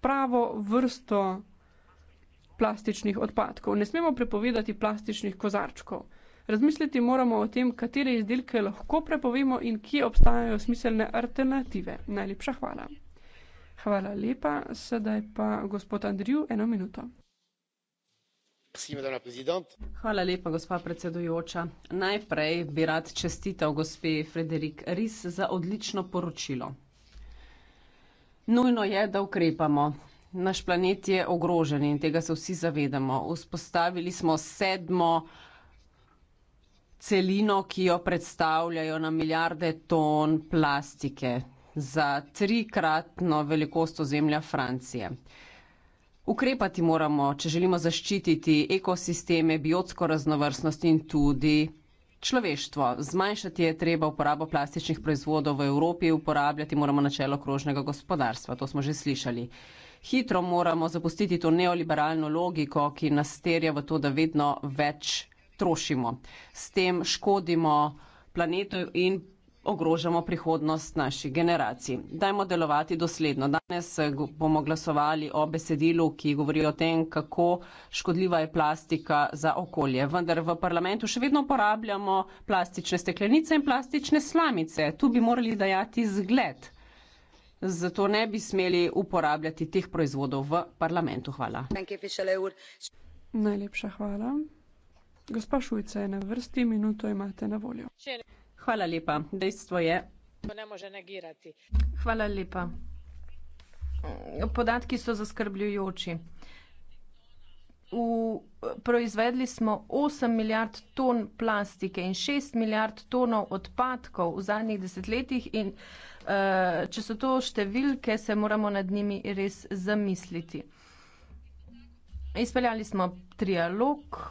pravo vrsto plastičnih odpadkov. Ne smemo prepovedati plastičnih kozarčkov. Razmisliti moramo o tem, katere izdelke lahko prepovemo in kje obstajajo smiselne alternative. Najlepša hvala. Hvala lepa. Sedaj pa gospod Andriju, eno minuto. Hvala lepa, gospa predsedujoča. Najprej bi rad čestital gospe Frederik Ris za odlično poročilo. Nujno je, da ukrepamo. Naš planet je ogrožen in tega se vsi zavedamo. Vzpostavili smo sedmo celino, ki jo predstavljajo na milijarde ton plastike za trikratno velikost ozemlja Francije. Ukrepati moramo, če želimo zaščititi ekosisteme, biotsko raznovrstnost in tudi človeštvo. Zmanjšati je treba uporabo plastičnih proizvodov v Evropi, uporabljati moramo načelo krožnega gospodarstva, to smo že slišali. Hitro moramo zapustiti to neoliberalno logiko, ki nas terja v to, da vedno več trošimo. S tem škodimo planetu in ogrožamo prihodnost naših generacij. Dajmo delovati dosledno. Danes eh, bomo glasovali o besedilu, ki govori o tem, kako škodljiva je plastika za okolje. Vendar v parlamentu še vedno uporabljamo plastične steklenice in plastične slamice. Tu bi morali dajati zgled. Zato ne bi smeli uporabljati teh proizvodov v parlamentu. Hvala. You, Najlepša hvala. Gospa Šujca je na vrsti, minuto imate na voljo. Čere hvala lepa. Dejstvo je... Hvala lepa. Podatki so zaskrbljujoči. V, proizvedli smo osem milijard ton plastike in šest milijard tonov odpadkov v zadnjih desetletjih in, eh, če so to številke, se moramo nad njimi res zamisliti. Izpeljali smo trialog.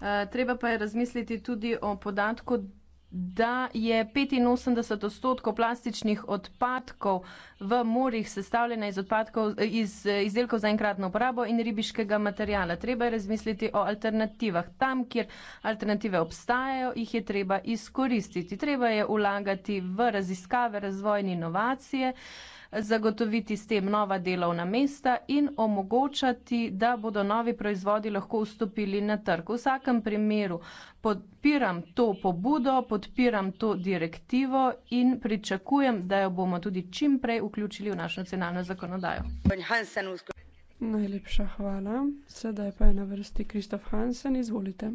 Eh, treba pa je razmisliti tudi o podatku, da je 85 odstotkov plastičnih odpadkov v morjih sestavljena iz, odpadkov, iz eh, izdelkov za enkratno uporabo in ribiškega materijala. Treba je razmisliti o alternativah. Tam, kjer alternative obstajajo, jih je treba izkoristiti. Treba je ulagati v raziskave, razvoj in inovacije. Uh, zagotoviti s tem nova delovna mesta in omogočati, da bodo novi proizvodi lahko vstopili na trg. V vsakem primeru podpiram to pobudo, podpiram to direktivo in pričakujem, da jo bomo tudi čim prej vključili v našo nacionalno zakonodajo. Najlepša hvala. Sedaj pa je na vrsti Kristof Hansen. Izvolite.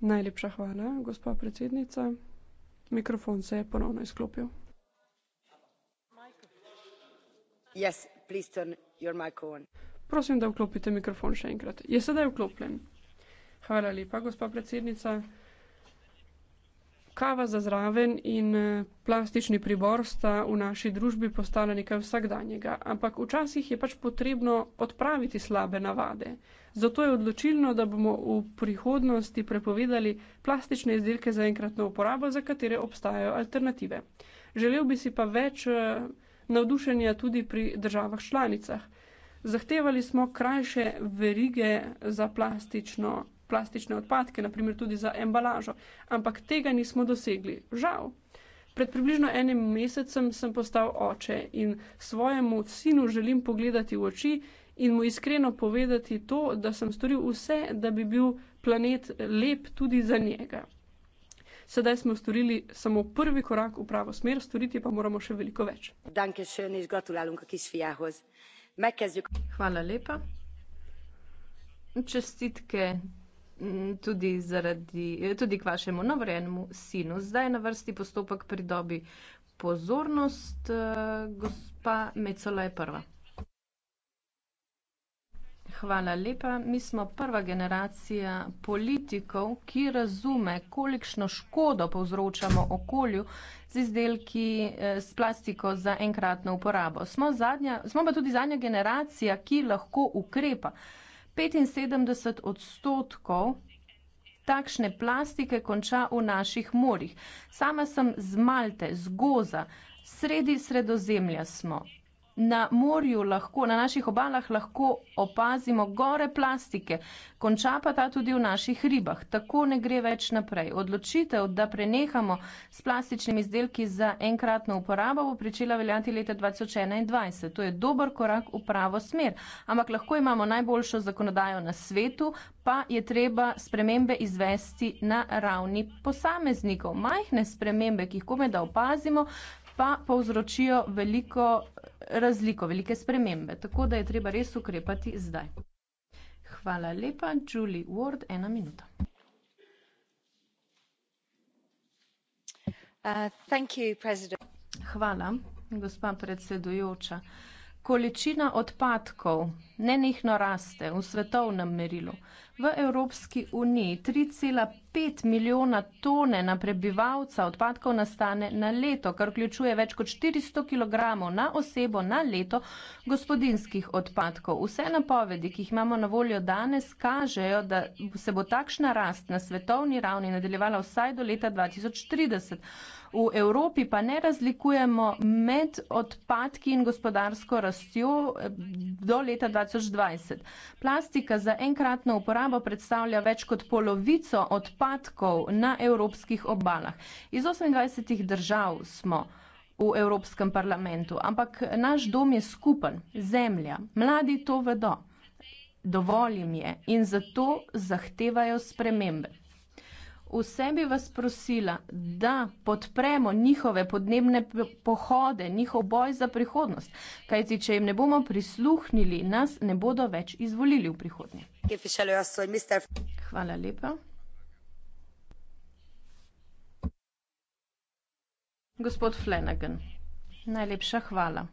Najlepša hvala, gospa predsednica. Mikrofon se je ponovno izklopil. Prosim, da vklopite mikrofon še enkrat. Je sedaj vklopljen. Hvala lepa, gospa predsednica. Kava za zraven in eh, plastični pribor sta v naši družbi postala nekaj vsakdanjega, ampak včasih je pač potrebno odpraviti slabe navade. Zato je odločilno, da bomo v prihodnosti prepovedali plastične izdelke za enkratno uporabo, za katere obstajajo alternative. Želel bi si pa več eh, navdušenja tudi pri državah članicah. Zahtevali smo krajše verige za plastično, plastične odpadke, naprimer tudi za embalažo, ampak tega nismo dosegli. Žal. Pred približno enim mesecem sem postal oče in svojemu sinu želim pogledati v oči in mu iskreno povedati to, da sem storil vse, da bi bil planet lep tudi za njega. Sedaj smo storili samo prvi korak v pravo smer, storiti pa moramo še veliko več. Hvala lepa. Čestitke mm, tudi, zaradi, tudi k vašemu novorjenemu sinu. Zdaj je na vrsti postopek pridobi pozornost. Eh, gospa Mecola je prva. Hvala lepa. Mi smo prva generacija politikov, ki razume, kolikšno škodo povzročamo okolju z izdelki eh, s plastiko za enkratno uporabo. Smo, zadnja, smo pa tudi zadnja generacija, ki lahko ukrepa. 75 odstotkov takšne plastike konča v naših morjih. Sama sem z Malte, z Goza, sredi sredozemlja smo na morju, lahko, na naših obalah lahko opazimo gore plastike, konča pa ta tudi v naših ribah. Tako ne gre več naprej. Odločitev, da prenehamo s plastičnimi izdelki za enkratno uporabo, bo pričela veljati leta 2021. To je dober korak v pravo smer. Ampak lahko imamo najboljšo zakonodajo na svetu, pa je treba spremembe izvesti na ravni posameznikov. Majhne spremembe, ki jih komaj da opazimo, pa povzročijo veliko eh, razliko, velike spremembe. Tako da je treba res ukrepati zdaj. Hvala lepa, Julie Ward, ena minuta. Uh, thank you, Hvala, gospa predsedujoča. Uh, Količina odpadkov nenehno raste v svetovnem merilu. V Evropski uniji 3,5 milijona tone na prebivalca odpadkov nastane na leto, kar vključuje več kot 400 kg na osebo na leto gospodinskih odpadkov. Vse napovedi, ki jih imamo na voljo danes, kažejo, da se bo takšna rast na svetovni ravni nadaljevala vsaj do leta 2030. V Evropi pa ne razlikujemo med odpadki in gospodarsko rastjo eh, do leta 2020. Plastika za enkratno uporabo predstavlja več kot polovico odpadkov na evropskih obalah. Iz 28 držav smo v Evropskem parlamentu, ampak naš dom je skupen, zemlja. Mladi to vedo. Dovolj jim je in zato zahtevajo spremembe. Vse bi vas prosila, da podpremo njihove podnebne pohode, njihov boj za prihodnost. Kajti, če jim ne bomo prisluhnili, nas ne bodo več izvolili v prihodnje. Hvala lepa. Gospod Flanagan, najlepša hvala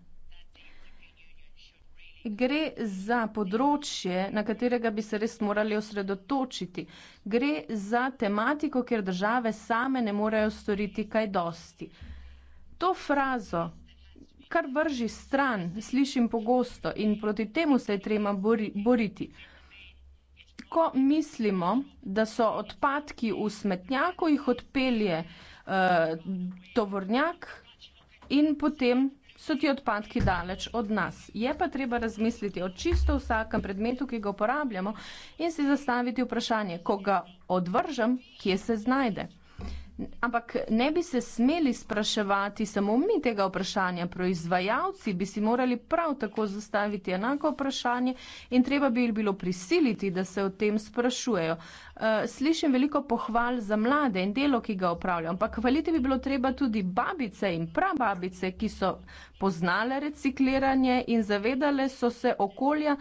gre za področje, na katerega bi se res morali osredotočiti. Gre za tematiko, kjer države same ne morejo storiti kaj dosti. To frazo, kar vrži stran, slišim pogosto in proti temu se je treba bori, boriti. Ko mislimo, da so odpadki v smetnjaku, jih odpelje uh, tovornjak in potem so ti odpadki daleč od nas. Je pa treba razmisliti o čisto vsakem predmetu, ki ga uporabljamo in si zastaviti vprašanje, ko ga odvržem, kje se znajde. Ampak ne bi se smeli spraševati samo mi tega vprašanja, proizvajalci bi si morali prav tako zastaviti enako vprašanje in treba bi jih bilo prisiliti, da se o tem sprašujejo. Eh, slišim veliko pohval za mlade in delo, ki ga upravljajo, ampak hvaliti bi bilo treba tudi babice in prababice, ki so poznale recikliranje in zavedale so se okolja,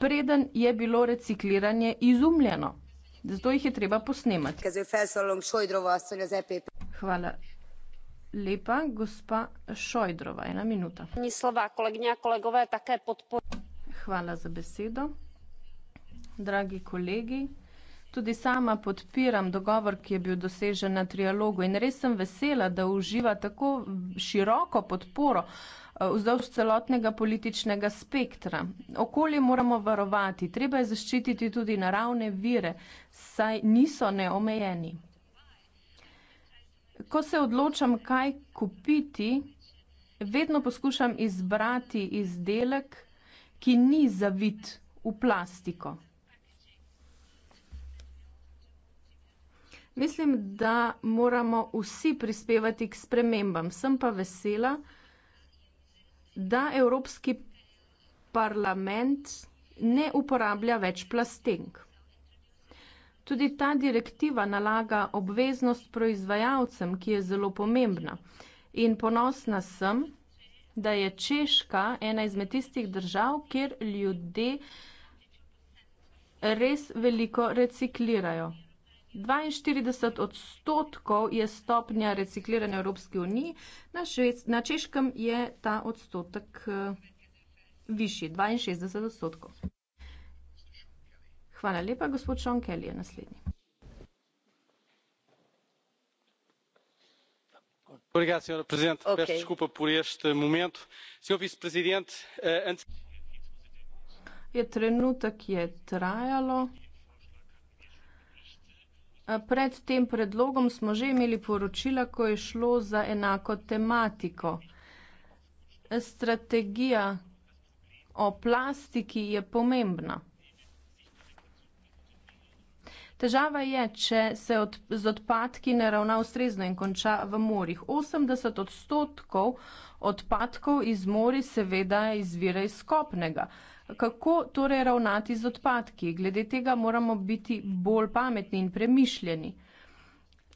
preden je bilo recikliranje izumljeno zato jih je treba posnemati. E Hvala. Lepa, gospa Šojdrova, ena minuta. Hvala za besedo. Dragi kolegi, tudi sama podpiram dogovor, ki je bil dosežen na trialogu in res sem vesela, da uživa tako široko podporo vzdolž celotnega političnega spektra. Okolje moramo varovati, treba je zaščititi tudi naravne vire, saj niso neomejeni. Ko se odločam, kaj kupiti, vedno poskušam izbrati izdelek, ki ni zavit v plastiko. Mislim, da moramo vsi prispevati k spremembam, sem pa vesela, da Evropski parlament ne uporablja več plastenk. Tudi ta direktiva nalaga obveznost proizvajalcem, ki je zelo pomembna. In ponosna sem, da je Češka ena izmed tistih držav, kjer ljudje res veliko reciklirajo. 42 odstotkov je stopnja recikliranja Evropske unije, na, na češkem je ta odstotek eh, višji, 62 odstotkov. Hvala lepa, gospod Sean Kelly je naslednji. Eh, je trenutek je trajalo pred tem predlogom smo že imeli poročila, ko je šlo za enako tematiko. Strategija o plastiki je pomembna. Težava je, če se od, z odpadki ne ravna ustrezno in konča v morjih. 80 odstotkov odpadkov iz mori seveda izvira iz skopnega kako torej ravnati z odpadki. Glede tega moramo biti bolj pametni in premišljeni.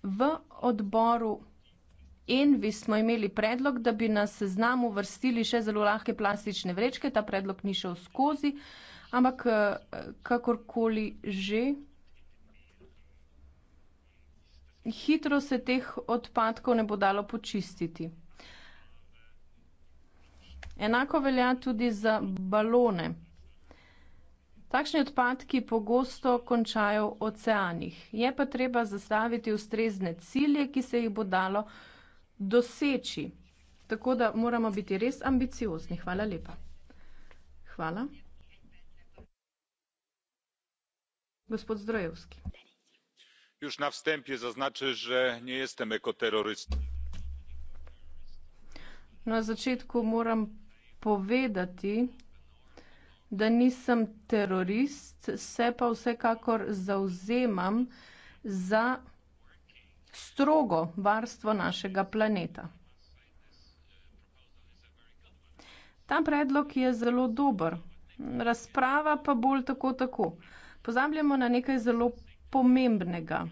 V odboru Envi smo imeli predlog, da bi na seznamu vrstili še zelo lahke plastične vrečke. Ta predlog ni šel skozi, ampak eh, kakorkoli že. Hitro se teh odpadkov ne bo dalo počistiti. Enako velja tudi za balone. Takšni odpadki pogosto končajo v oceanih. Je pa treba zastaviti ustrezne cilje, ki se jih bo dalo doseči. Tako da moramo biti res ambiciozni. Hvala lepa. Hvala. Gospod Zdrojevski. Już na wstępie zaznaczę, że nie jestem ekoterrorystą. Na začetku moram povedati, da nisem terorist, se pa vsekakor zauzemam za strogo varstvo našega planeta. Ta predlog je zelo dober, razprava pa bolj tako tako. Pozabljamo na nekaj zelo pomembnega.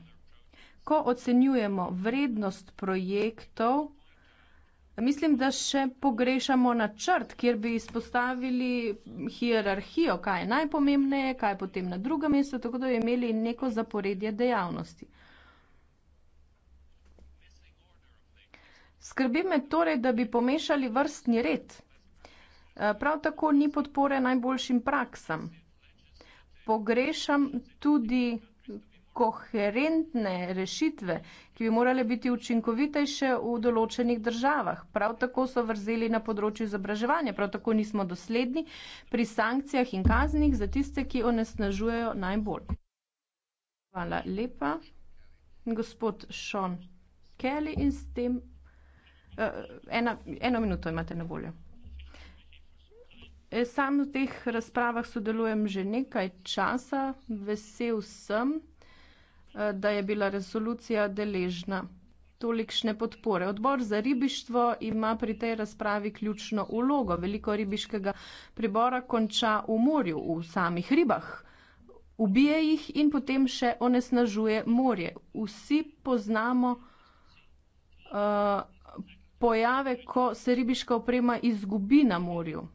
Ko ocenjujemo vrednost projektov, Mislim, da še pogrešamo načrt, kjer bi izpostavili hierarhijo, kaj je najpomembnejše, kaj je potem na drugem mestu, tako da bi imeli neko zaporedje dejavnosti. Skrbi me torej, da bi pomešali vrstni red. Eh, prav tako ni podpore najboljšim praksam. Pogrešam tudi koherentne rešitve, ki bi morale biti učinkovitejše v določenih državah. Prav tako so vrzeli na področju izobraževanja, prav tako nismo dosledni pri sankcijah in kaznih za tiste, ki onesnažujejo najbolj. Hvala lepa. Gospod Sean Kelly in s tem. Eh, ena, eno minuto imate na voljo. Eh, sam v teh razpravah sodelujem že nekaj časa, vesel sem. Eh, da je bila resolucija deležna tolikšne podpore. Odbor za ribištvo ima pri tej razpravi ključno ulogo. Veliko ribiškega pribora konča v morju, v samih ribah. Ubije jih in potem še onesnažuje morje. Vsi poznamo uh, pojave, ko se ribiška oprema izgubi na morju.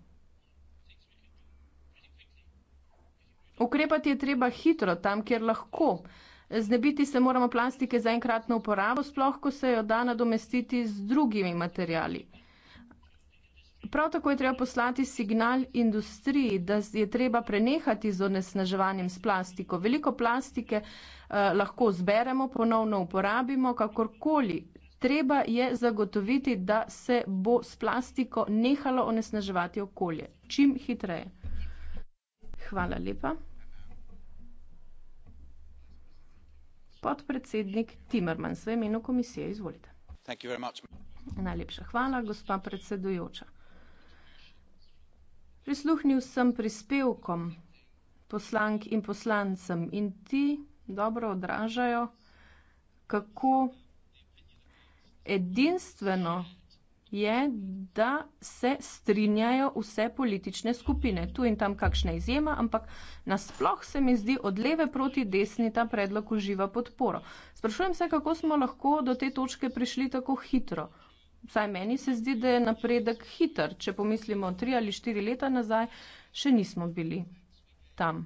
Ukrepati je treba hitro, tam, kjer lahko. Uh, Znebiti se moramo plastike za enkratno uporabo, sploh ko se jo da nadomestiti z drugimi materijali. Prav tako je treba poslati signal industriji, da je treba prenehati z onesnaževanjem s plastiko. Veliko plastike eh, lahko zberemo, ponovno uporabimo, kakorkoli. Treba je zagotoviti, da se bo s plastiko nehalo onesnaževati okolje. Čim hitreje. Hvala lepa. Podpredsednik Timmermans, v imenu komisije, izvolite. Najlepša hvala, gospa predsedujoča. Prisluhnil sem prispevkom poslank in poslancem in ti dobro odražajo, kako edinstveno je, da se strinjajo vse politične skupine. Tu in tam kakšna izjema, ampak nasploh se mi zdi od leve proti desni ta predlog uživa podporo. Sprašujem se, kako smo lahko do te točke prišli tako hitro. Vsaj meni se zdi, da je napredek hiter. Če pomislimo tri ali štiri leta nazaj, še nismo bili tam.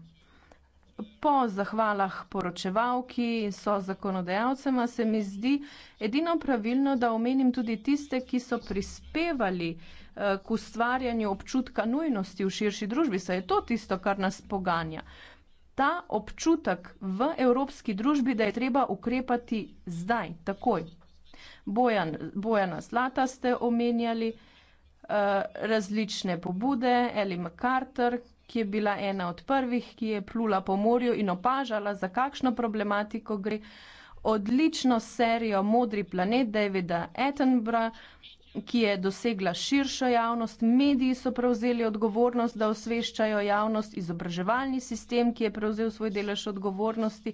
Po zahvalah poročevalki in so zakonodajalcema se mi zdi edino pravilno, da omenim tudi tiste, ki so prispevali eh, k ustvarjanju občutka nujnosti v širši družbi, saj je to tisto, kar nas poganja. Ta občutek v evropski družbi, da je treba ukrepati zdaj, takoj. Bojan, Bojana Zlata ste omenjali, eh, različne pobude, Eli MacArthur, ki je bila ena od prvih, ki je plula po morju in opažala, za kakšno problematiko gre. Odlično serijo Modri planet Davida Attenborough ki je dosegla širšo javnost, mediji so prevzeli odgovornost, da osveščajo javnost, izobraževalni sistem, ki je prevzel svoj delež odgovornosti.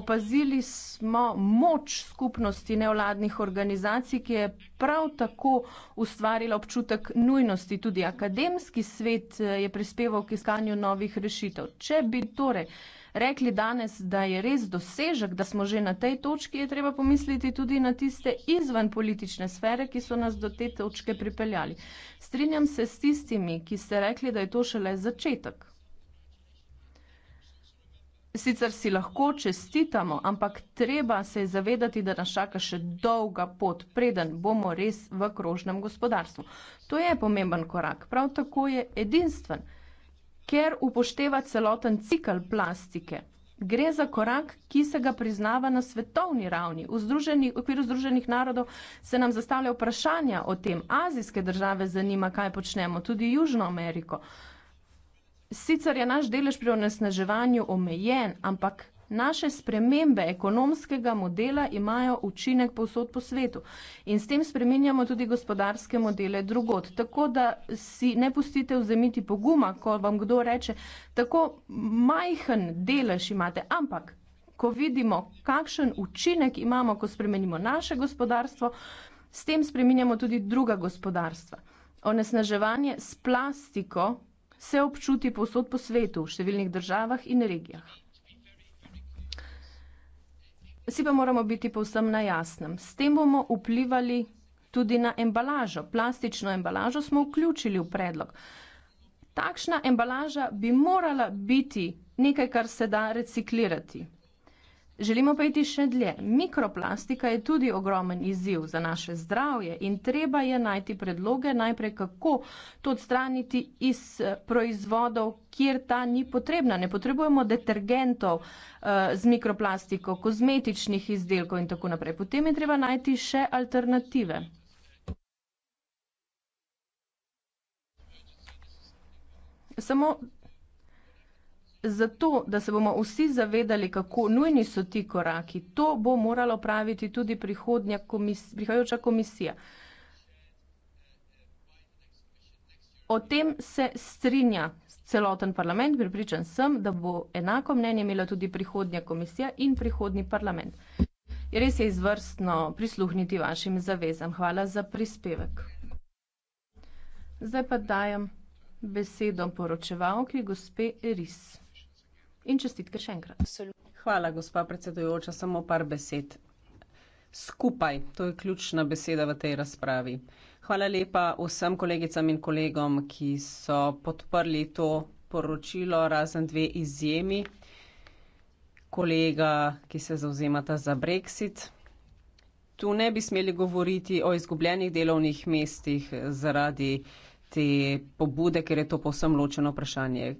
Opazili smo moč skupnosti nevladnih organizacij, ki je prav tako ustvarila občutek nujnosti. Tudi akademski svet eh, je prispeval k iskanju novih rešitev. Če bi torej rekli danes, da je res dosežek, da smo že na tej točki, je treba pomisliti tudi na tiste izven politične sfere, ki so nas do te točke pripeljali. Strinjam se s tistimi, ki ste rekli, da je to šele začetek. Sicer si lahko čestitamo, ampak treba se je zavedati, da nas čaka še dolga pot, preden bomo res v krožnem gospodarstvu. To je pomemben korak, prav tako je edinstven ker upošteva celoten cikl plastike. Gre za korak, ki se ga priznava na svetovni ravni. V, združeni, v okviru Združenih narodov se nam zastavlja vprašanja o tem. Azijske države zanima, kaj počnemo, tudi Južno Ameriko. Sicer je naš delež pri onesnaževanju omejen, ampak Naše spremembe ekonomskega modela imajo učinek povsod po svetu in s tem spreminjamo tudi gospodarske modele drugot. Tako da si ne pustite vzemiti poguma, ko vam kdo reče, tako majhen delež imate, ampak ko vidimo, kakšen učinek imamo, ko spremenimo naše gospodarstvo, s tem spreminjamo tudi druga gospodarstva. Onesnaževanje s plastiko se občuti povsod po svetu, v številnih državah in regijah. Vsi pa moramo biti povsem na jasnem. S tem bomo vplivali tudi na embalažo. Plastično embalažo smo vključili v predlog. Takšna embalaža bi morala biti nekaj, kar se da reciklirati. Želimo pa iti še dlje. Mikroplastika je tudi ogromen izziv za naše zdravje in treba je najti predloge najprej, kako to odstraniti iz eh, proizvodov, kjer ta ni potrebna. Ne potrebujemo detergentov uh, z mikroplastiko, kozmetičnih izdelkov in tako naprej. Potem je treba najti še alternative. Samo zato, da se bomo vsi zavedali, kako nujni so ti koraki, to bo morala praviti tudi prihodnja komisija, prihajajoča komisija. O tem se strinja celoten parlament, pripričan sem, da bo enako mnenje imela tudi prihodnja komisija in prihodni parlament. Res je izvrstno prisluhniti vašim zavezam. Hvala za prispevek. Zdaj pa dajem besedo poročevalki gospe Ris in čestitke še enkrat. Hvala, gospa predsedujoča, samo par besed. Skupaj, to je ključna beseda v tej razpravi. Hvala lepa vsem kolegicam in kolegom, ki so podprli to poročilo, razen dve izjemi. Kolega, ki se zauzemata za brexit. Tu ne bi smeli govoriti o izgubljenih delovnih mestih zaradi te pobude, ker je to povsem ločeno vprašanje.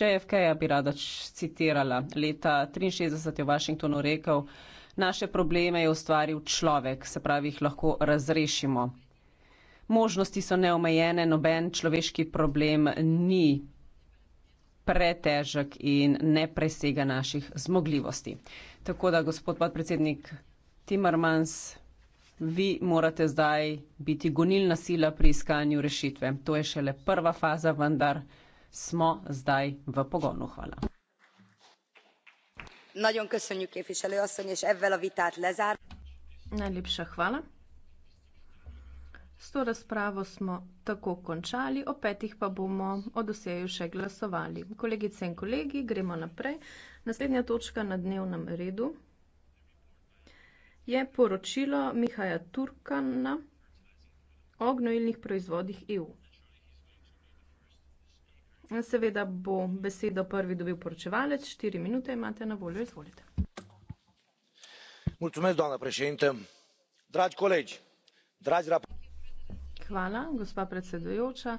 JFK-ja bi rada citirala. Leta 1963 je v Washingtonu rekel, naše probleme je ustvaril človek, se pravi, jih lahko razrešimo. Možnosti so neomejene, noben človeški problem ni pretežek in ne presega naših zmogljivosti. Tako da, gospod podpredsednik Timmermans, vi morate zdaj biti gonilna sila pri iskanju rešitve. To je šele prva faza, vendar smo zdaj v pogonu. hvala. najlepša hvala. s to razpravo smo tako končali ob petih pa bomo o dosjeju še glasovali. kolegice in kolegi gremo naprej. naslednja točka na dnevnem redu je poročilo mihaja turkana o gnojilnih proizvodih EU. Seveda bo besedo prvi dobil poročevalec. Štiri minute imate na voljo, izvolite. Mulțumesc, doamna președintă. Dragi colegi, dragi rap... Hvala, gospa predsedujoča.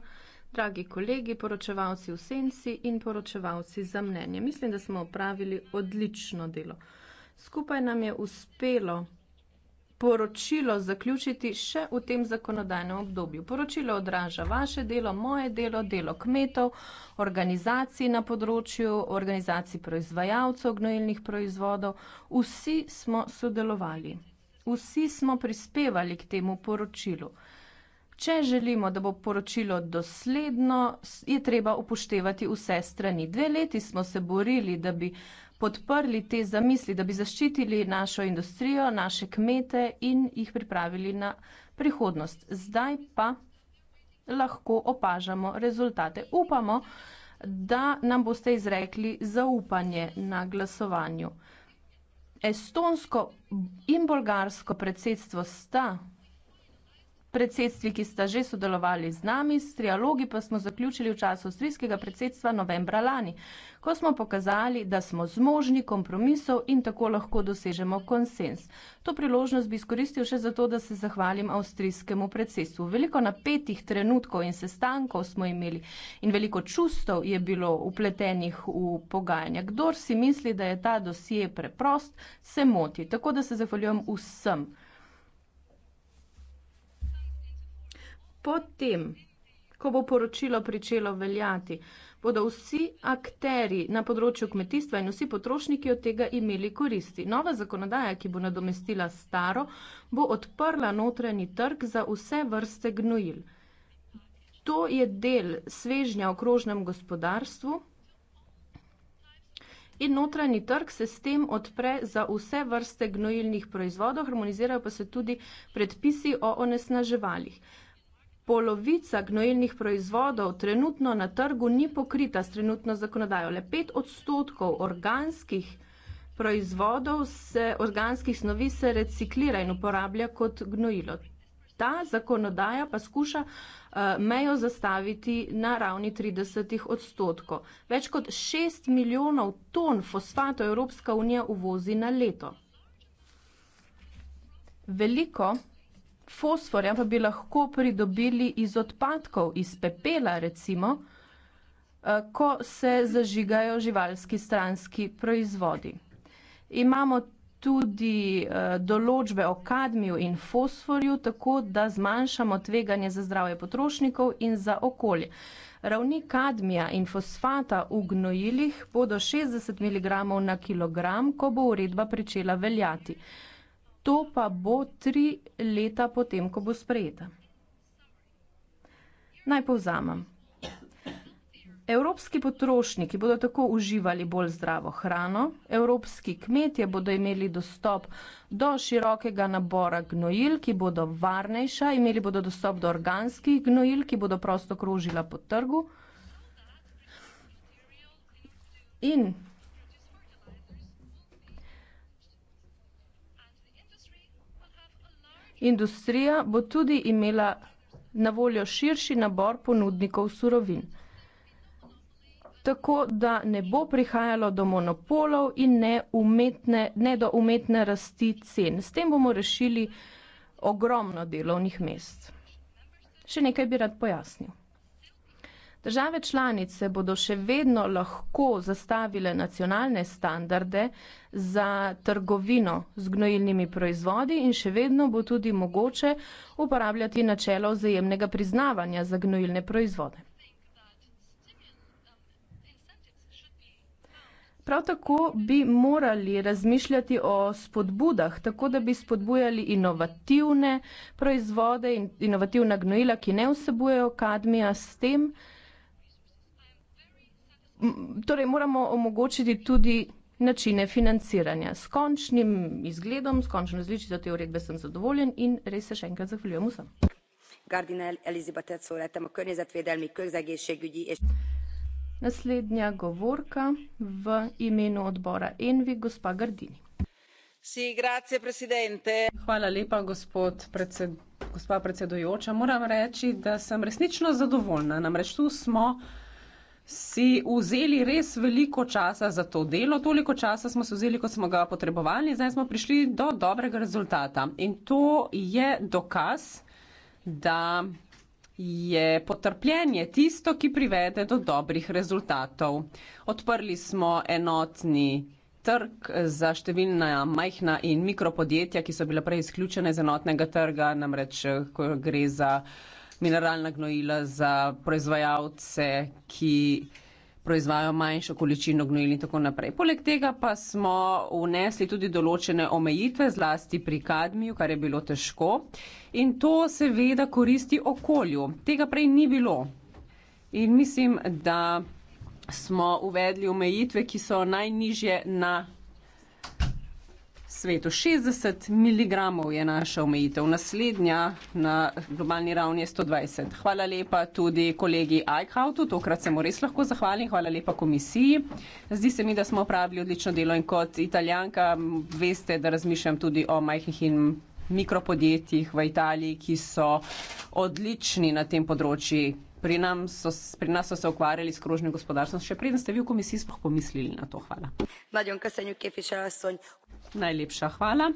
Dragi kolegi, poročevalci v senci in poročevalci za mnenje. Mislim, da smo opravili odlično delo. Skupaj nam je uspelo poročilo zaključiti še v tem zakonodajnem obdobju. Poročilo odraža vaše delo, moje delo, delo kmetov, organizacij na področju, organizacij proizvajalcev gnojilnih proizvodov. Vsi smo sodelovali, vsi smo prispevali k temu poročilu. Če želimo, da bo poročilo dosledno, je treba upoštevati vse strani. Dve leti smo se borili, da bi podprli te zamisli, da bi zaščitili našo industrijo, naše kmete in jih pripravili na prihodnost. Zdaj pa lahko opažamo rezultate. Upamo, da nam boste izrekli zaupanje na glasovanju. Estonsko in bolgarsko predsedstvo sta predsedstvi, ki sta že sodelovali z nami, s trialogi pa smo zaključili v času avstrijskega predsedstva novembra lani, ko smo pokazali, da smo zmožni kompromisov in tako lahko dosežemo konsens. To priložnost bi izkoristil še zato, da se zahvalim avstrijskemu predsedstvu. Veliko napetih trenutkov in sestankov smo imeli in veliko čustov je bilo upletenih v pogajanja. Kdor si misli, da je ta dosje preprost, se moti. Tako da se zahvaljujem vsem. potem, ko bo poročilo pričelo veljati, bodo vsi akteri na področju kmetijstva in vsi potrošniki od tega imeli koristi. Nova zakonodaja, ki bo nadomestila staro, bo odprla notranji trg za vse vrste gnojil. To je del svežnja v krožnem gospodarstvu in notranji trg se s tem odpre za vse vrste gnojilnih proizvodov, harmonizirajo pa se tudi predpisi o onesnaževalih polovica gnojilnih proizvodov trenutno na trgu ni pokrita s trenutno zakonodajo. Le pet odstotkov organskih proizvodov se, organskih snovi se reciklira in uporablja kot gnojilo. Ta zakonodaja pa skuša uh, mejo zastaviti na ravni 30 odstotkov. Več kot 6 milijonov ton fosfato Evropska unija uvozi na leto. Veliko fosforja pa bi lahko pridobili iz odpadkov, iz pepela recimo, eh, ko se zažigajo živalski stranski proizvodi. Imamo tudi eh, določbe o kadmiju in fosforju, tako da zmanjšamo tveganje za zdravje potrošnikov in za okolje. Ravni kadmija in fosfata v gnojilih bodo 60 mg na kilogram, ko bo uredba pričela veljati to pa bo tri leta potem, ko bo sprejeta. Naj povzamem. Evropski potrošniki bodo tako uživali bolj zdravo hrano, evropski kmetje bodo imeli dostop do širokega nabora gnojil, ki bodo varnejša, imeli bodo dostop do organskih gnojil, ki bodo prosto krožila po trgu. In Industrija bo tudi imela na voljo širši nabor ponudnikov surovin, tako da ne bo prihajalo do monopolov in ne, umetne, ne do umetne rasti cen. S tem bomo rešili ogromno delovnih mest. Še nekaj bi rad pojasnil. Države članice bodo še vedno lahko zastavile nacionalne standarde za trgovino z gnojilnimi proizvodi in še vedno bo tudi mogoče uporabljati načelo vzajemnega priznavanja za gnojilne proizvode. Prav tako bi morali razmišljati o spodbudah, tako da bi spodbujali inovativne proizvode in inovativna gnojila, ki ne vsebujejo kadmija, s tem, torej moramo omogočiti tudi načine financiranja. S končnim izgledom, s končno različico te uredbe sem zadovoljen in res se še enkrat zahvaljujem vsem. Naslednja govorka v imenu odbora Envi, gospa Gardini. Hvala lepa, gospod predsed, gospa predsedujoča. Moram reči, da sem resnično zadovoljna. Namreč tu smo si vzeli res veliko časa za to delo, toliko časa smo si vzeli, kot smo ga potrebovali, zdaj smo prišli do dobrega rezultata. In to je dokaz, da je potrpljenje tisto, ki privede do dobrih rezultatov. Odprli smo enotni trg za številna majhna in mikropodjetja, ki so bila prej izključena iz enotnega trga, namreč ko gre za mineralna gnojila za proizvajalce, ki proizvajajo manjšo količino gnojil in tako naprej. Poleg tega pa smo vnesli tudi določene omejitve, zlasti pri kadmiju, kar je bilo težko in to seveda koristi okolju. Tega prej ni bilo. In mislim, da smo uvedli omejitve, ki so najnižje na svetu. 60 mg je naša omejitev, naslednja na globalni ravni je 120. Hvala lepa tudi kolegi Eichhautu, tokrat se mu res lahko zahvalim, hvala lepa komisiji. Zdi se mi, da smo opravili odlično delo in kot italijanka veste, da razmišljam tudi o majhnih in mikropodjetjih v Italiji, ki so odlični na tem področju pri, so, pri nas so se ukvarjali s krožnim gospodarstvom. Še preden ste vi v komisiji sploh pomislili na to. Hvala. Najlepša hvala,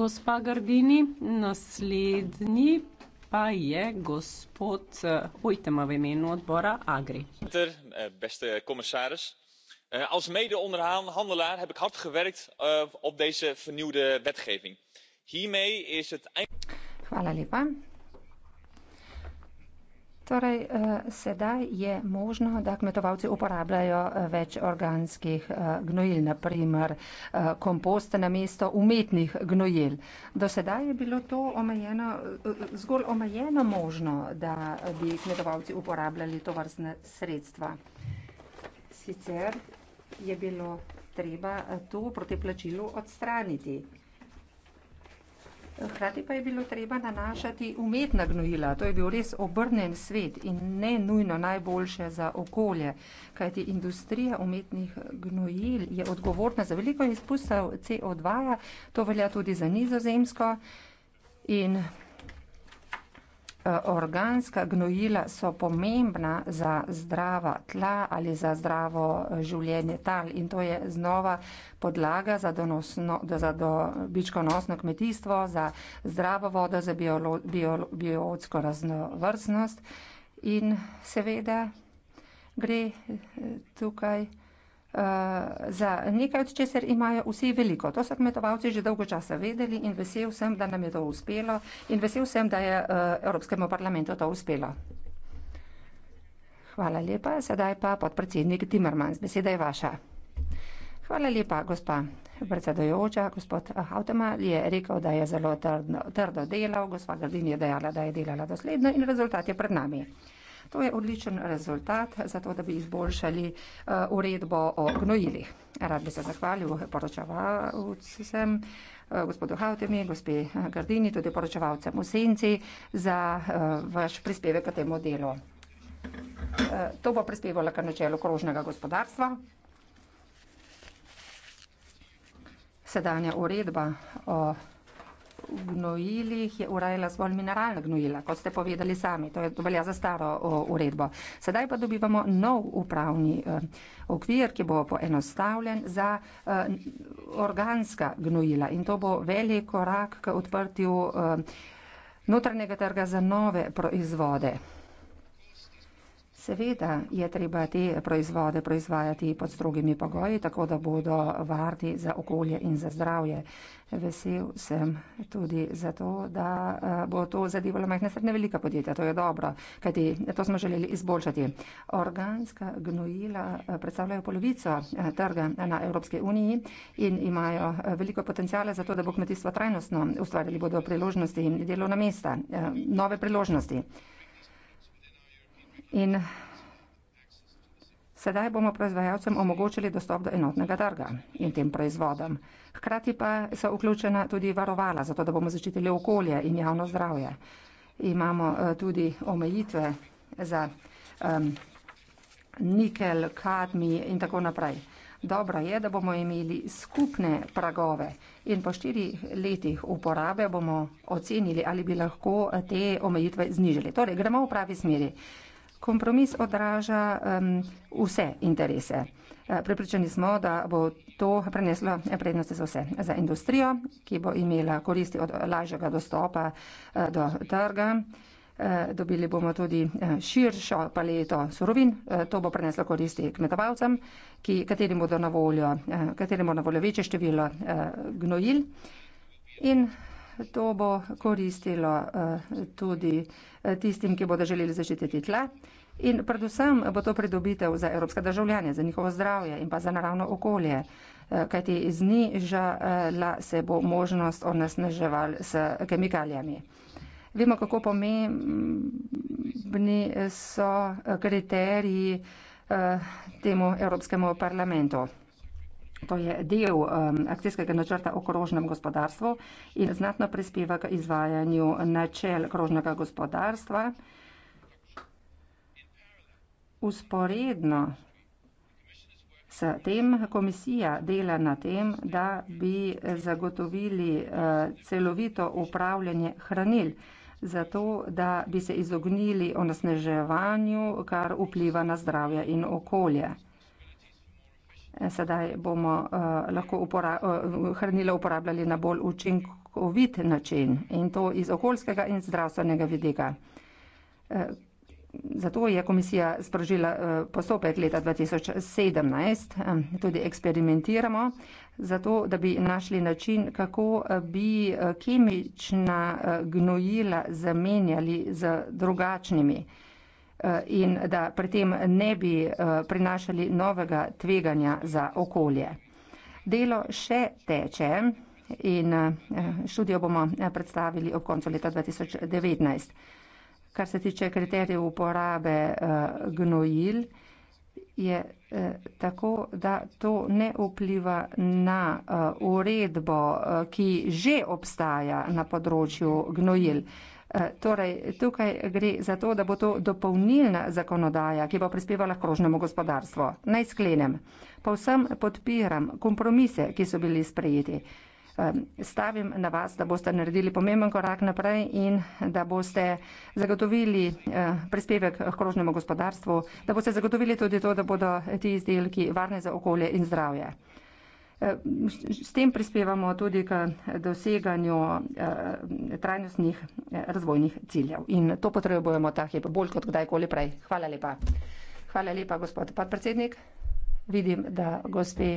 gospa Gardini. Naslednji pa je gospod Ujtema eh, v imenu odbora Agri. Eh, beste komisaris. Eh, als mede-onderhandelaar heb ik hard gewerkt uh, op deze vernieuwde wetgeving. Hiermee is het eind. Hvala lepa. Torej, eh, sedaj je možno, da kmetovalci uporabljajo eh, več organskih eh, gnojil, naprimer kompost na mesto umetnih gnojil. Do sedaj je bilo to omejeno, zgolj omejeno možno, da bi kmetovalci uporabljali to vrstne sredstva. Sicer je bilo treba to protiplačilo odstraniti. Hkrati pa je bilo treba nanašati umetna gnojila. To je bil res obrnen svet in ne nujno najboljše za okolje, kajti industrija umetnih gnojil je odgovorna za veliko izpustov CO2, to velja tudi za nizozemsko. In organska gnojila so pomembna za zdrava tla ali za zdravo eh, življenje tal in to je znova podlaga za, donosno, za dobičkonosno kmetijstvo, za zdravo vodo, za biolo, bio, biotsko raznovrstnost in seveda gre eh, tukaj. Eh, za nekaj, od česar imajo vsi veliko. To so kmetovalci že dolgo časa vedeli in vesel sem, da nam je to uspelo in vesel sem, da je uh, Evropskemu parlamentu to uspelo. Hvala lepa. Sedaj pa podpredsednik Timmermans. Beseda je vaša. Hvala lepa, gospa predsedojoča. Gospod Hautema je rekel, da je zelo trdo, trdo delal. Gospa Gardin je dejala, da je delala dosledno in rezultat je pred nami. To je odličen rezultat za to, da bi izboljšali eh, uredbo o gnojilih. Rad bi se zahvalil poročavalcem, eh, gospodu Hautemi, gospe Gardini, tudi poročavalcem v Senci za eh, vaš prispevek k temu delu. To bo prispevalo k načelu krožnega gospodarstva. Sedanja uredba o gnojilih gnojilih je urajala zgolj mineralna gnojila, kot ste povedali sami. To, je, to velja za staro o, uredbo. Sedaj pa dobivamo nov upravni eh, okvir, ki bo poenostavljen za eh, organska gnojila in to bo velik korak k odprtju eh, notranjega trga za nove proizvode. Seveda je treba te proizvode proizvajati pod strogimi pogoji, tako da bodo varni za okolje in za zdravje. Vesel sem tudi zato, da eh, bo to zadevalo majhne srednje velika podjetja. To je dobro, kajti to smo želeli izboljšati. Organska gnojila eh, predstavljajo polovico eh, trga na Evropske uniji in imajo veliko potencijale za to, da bo kmetijstvo trajnostno. Ustvarjali bodo priložnosti in delovna mesta, nove priložnosti. In sedaj bomo proizvajalcem omogočili dostop do enotnega trga in tem proizvodom. Hkrati pa so vključena tudi varovala, zato da bomo zaščitili okolje in javno zdravje. Imamo eh, tudi omejitve za um, nikel, kadmi in tako naprej. Dobro je, da bomo imeli skupne pragove in po štirih letih uporabe bomo ocenili, ali bi lahko eh, te omejitve znižili. Torej, gremo v pravi smeri. Uh, Kompromis odraža um, vse interese. Eh, Pripričani smo, da bo to preneslo prednosti za vse. Za industrijo, ki bo imela koristi od lažjega dostopa eh, do trga. Eh, dobili bomo tudi širšo paleto surovin, to bo preneslo koristi kmetovalcem, katerim bodo na voljo, katerim bo na voljo večje število gnojil. In to bo koristilo tudi tistim, ki bodo želeli zaščititi tla. In predvsem bo to pridobitev za evropske državljane, za njihovo zdravje in pa za naravno okolje, eh, kajti znižala se bo možnost onesneževal s kemikalijami. Vemo, kako pomembni so eh, kriteriji eh, temu Evropskemu parlamentu. To je del um, akcijskega načrta o krožnem gospodarstvu in znatno prispeva k izvajanju načel krožnega gospodarstva. Vzporedno s tem komisija dela na tem, da bi zagotovili eh, celovito upravljanje hranil, zato da bi se izognili onesneževanju, kar vpliva na zdravje in okolje. Eh, sedaj bomo eh, lahko upora hranila uporabljali na bolj učinkovit način in to iz okoljskega in zdravstvenega vidika. Zato je komisija sprožila eh, postopek leta 2017, eh, tudi eksperimentiramo, zato da bi našli način, kako eh, bi kemična gnojila zamenjali z drugačnimi in da pri tem ne bi prinašali novega tveganja za okolje. Delo še teče in študijo bomo predstavili ob koncu leta 2019. Kar se tiče kriterijev uporabe uh, gnojil, je uh, tako, da to ne vpliva na uh, uredbo, uh, ki že obstaja na področju gnojil. Torej, tukaj gre za to, da bo to dopolnilna zakonodaja, ki bo prispevala k krožnemu gospodarstvu. Naj sklenem. Povsem podpiram kompromise, ki so bili sprejeti. Ehm, stavim na vas, da boste naredili pomemben korak naprej in da boste zagotovili eh, prispevek k krožnemu gospodarstvu, da boste zagotovili tudi to, da bodo ti izdelki varni za okolje in zdravje. Ehm, s tem prispevamo tudi k doseganju eh, trajnostnih eh, razvojnih ciljev in to potrebujemo ta hip bolj kot kdajkoli prej. Hvala lepa. Hvala lepa, gospod podpredsednik. Vidim, da gospe.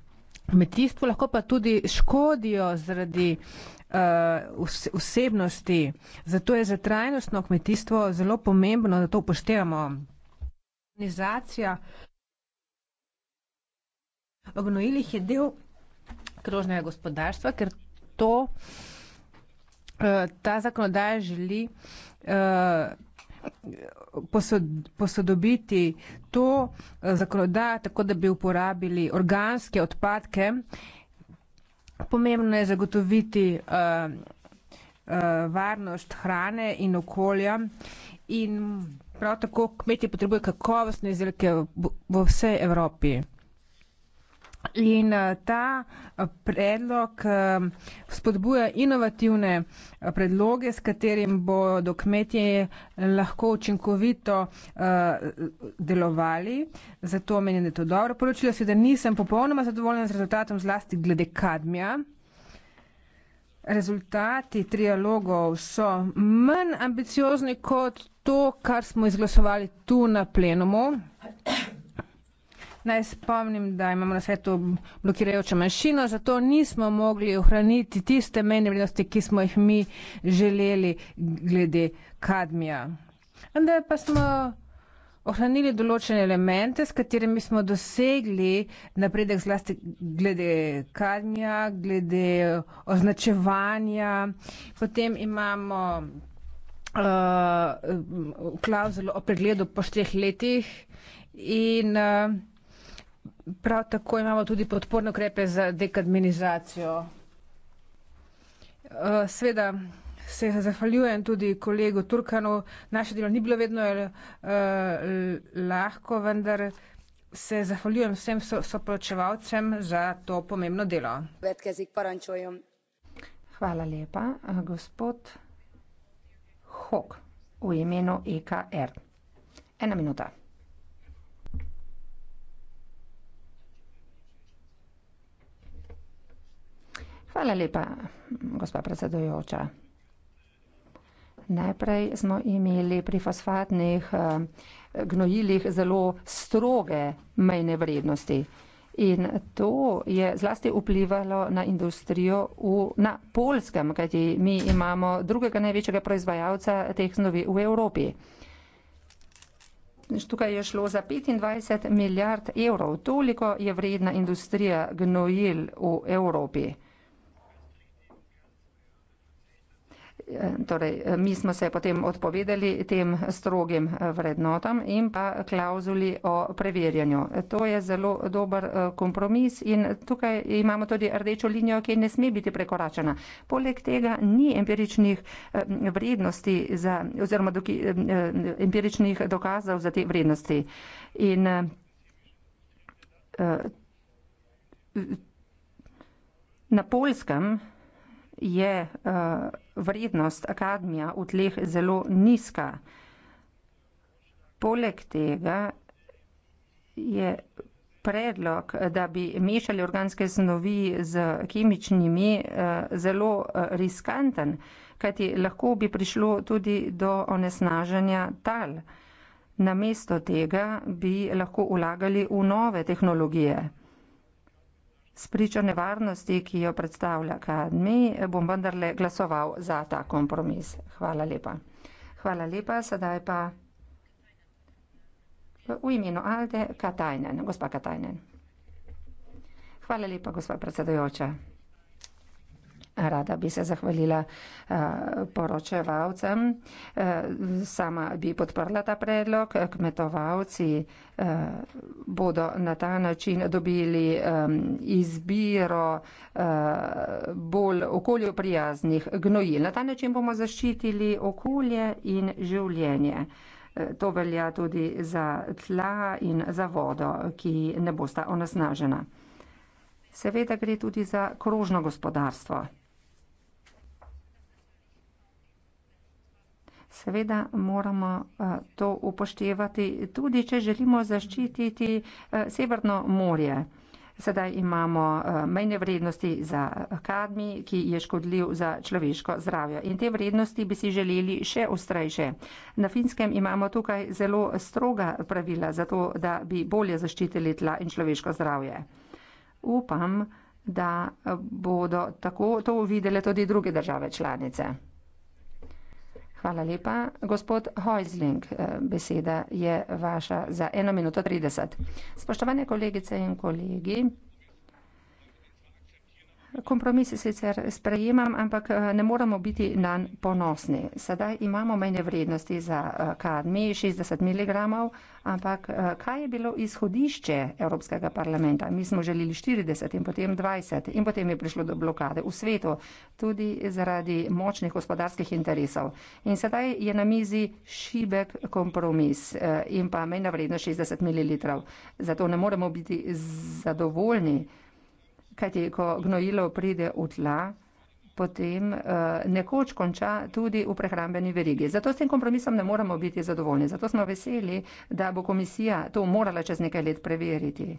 kmetijstvu, lahko pa tudi škodijo zaradi uh, eh, vsebnosti. Zato je za trajnostno kmetijstvo zelo pomembno, da to upoštevamo. Organizacija v gnojilih je del krožnega gospodarstva, ker to uh, ta zakonodaja želi. Uh, posod, posodobiti to eh, zakonodajo tako, da bi uporabili organske odpadke. Pomembno je zagotoviti eh, eh, varnost hrane in okolja in prav tako kmetje potrebujejo kakovostne izdelke v, v vsej Evropi. In eh, ta eh, predlog eh, spodbuja inovativne predloge, s katerim bodo kmetje lahko učinkovito delovali. Zato menim, da je to dobro. Poročilo se, da nisem popolnoma zadovoljen z rezultatom zlasti glede kadmija. Rezultati trialogov so manj ambiciozni kot to, kar smo izglasovali tu na plenumu. Naj spomnim, da imamo na svetu blokirajočo manjšino, zato nismo mogli ohraniti tiste mejne vrednosti, ki smo jih mi želeli glede kadmija. Vendar pa smo ohranili določene elemente, s katerimi smo dosegli napredek zlasti glede kadmija, glede označevanja. Potem imamo uh, eh, klauzulo o pregledu po štirih letih in uh, Prav tako imamo tudi podporne ukrepe za dekadminizacijo. Eh, Sveda se zahvaljujem tudi kolegu Turkanu. Naše delo ni bilo vedno eh, lahko, vendar se zahvaljujem vsem soplačevalcem za to pomembno delo. Hvala lepa, eh, gospod Hok, v imenu EKR. Ena minuta. Hvala lepa, gospa predsedujoča. Najprej smo imeli pri fosfatnih eh, gnojilih zelo stroge mejne vrednosti in to je zlasti vplivalo na industrijo v, na polskem, kajti mi imamo drugega največjega proizvajalca teh snovi v Evropi. Tukaj je šlo za 25 milijard evrov. Toliko je vredna industrija gnojil v Evropi. Torej, mi smo se potem odpovedali tem strogim eh, vrednotam in pa klauzuli o preverjanju. To je zelo dober eh, kompromis in tukaj imamo tudi rdečo linijo, ki ne sme biti prekoračena. Poleg tega ni empiričnih eh, vrednosti za, oziroma doki, empiričnih dokazov za te vrednosti. In, na polskem je uh, vrednost akademija v tleh zelo nizka. Poleg tega je predlog, da bi mešali organske snovi z kemičnimi, uh, zelo uh, riskanten, kajti lahko bi prišlo tudi do onesnaženja tal. Namesto tega bi lahko ulagali v nove tehnologije. Spričo nevarnosti, ki jo predstavlja Kadmi, bom vendarle glasoval za ta kompromis. Hvala lepa. Hvala lepa, sedaj pa v imenu Alde Katajnen, gospa Katajnen. Hvala lepa, gospa predsedojoča. Rada bi se zahvalila eh, poročevalcem. Eh, sama bi podprla ta predlog. Kmetovalci eh, bodo na ta način dobili izbiro bolj okolju prijaznih gnojil. Na ta način bomo zaščitili okolje in življenje. To velja tudi za tla in za vodo, ki ne bosta onesnažena. Seveda gre tudi za krožno gospodarstvo. Seveda moramo eh, to upoštevati, tudi če želimo zaščititi eh, Severno morje. Sedaj imamo eh, mejne vrednosti za kadmi, ki je škodljiv za človeško zdravje in te vrednosti bi si želeli še ostrejše. Na finskem imamo tukaj zelo stroga pravila za to, da bi bolje zaščitili tla in človeško zdravje. Upam, da bodo tako to uvidele tudi druge države članice. Hvala lepa. Gospod Hojzling, eh, beseda je vaša za eno minuto trideset. Spoštovane kolegice in kolegi, Kompromise sicer sprejemam, ampak eh, ne moramo biti na ponosni. Sedaj imamo menje vrednosti za kadmi 60 mg, ampak eh, kaj je bilo izhodišče Evropskega parlamenta? Mi smo želeli 40 in potem 20 in potem je prišlo do blokade v svetu, tudi zaradi močnih gospodarskih interesov. In sedaj je na mizi šibek kompromis eh, in pa menja vrednost 60 ml. Zato ne moremo biti zadovoljni kajti ko gnojilo pride v tla, potem uh, nekoč konča tudi v prehrambeni verigi. Zato s tem kompromisom ne moramo biti zadovoljni. Zato smo veseli, da bo komisija to morala čez nekaj let preveriti.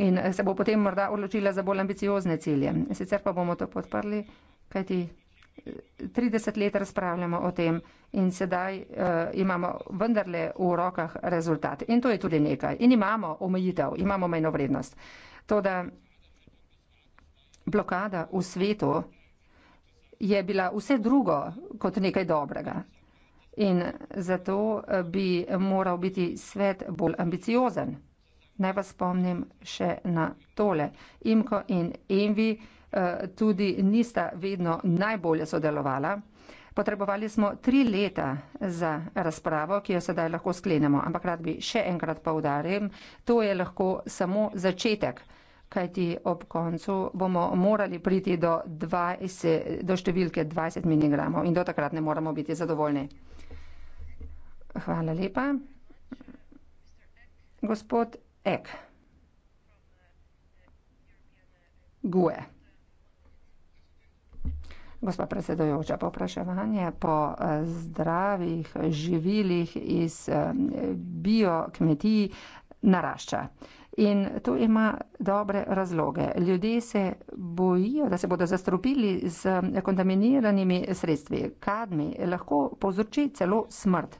In eh, se bo potem morda odločila za bolj ambiciozne cilje. Sicer pa bomo to podprli, kajti 30 eh, let razpravljamo o tem in sedaj uh, imamo vendarle v rokah rezultat. In to je tudi nekaj. In imamo omejitev, imamo menjo vrednost. To, da blokada v svetu je bila vse drugo kot nekaj dobrega. In zato eh, bi moral biti svet bolj ambiciozen. Naj vas spomnim še na tole. Imko in Envi eh, tudi nista vedno najbolje sodelovala. Potrebovali smo tri leta za razpravo, ki jo sedaj lahko sklenemo, ampak rad bi še enkrat poudarim, to je lahko samo začetek kajti ob koncu bomo morali priti do, 20, do številke 20 mg in do takrat ne moramo biti zadovoljni. Hvala lepa. Gospod Ek. Gue. Gospa predsedojoča, popraševanje po zdravih živilih iz eh, biokmetij narašča. In to ima dobre razloge. Ljudje se bojijo, da se bodo zastrupili z kontaminiranimi sredstvi. Kadmi lahko povzroči celo smrt.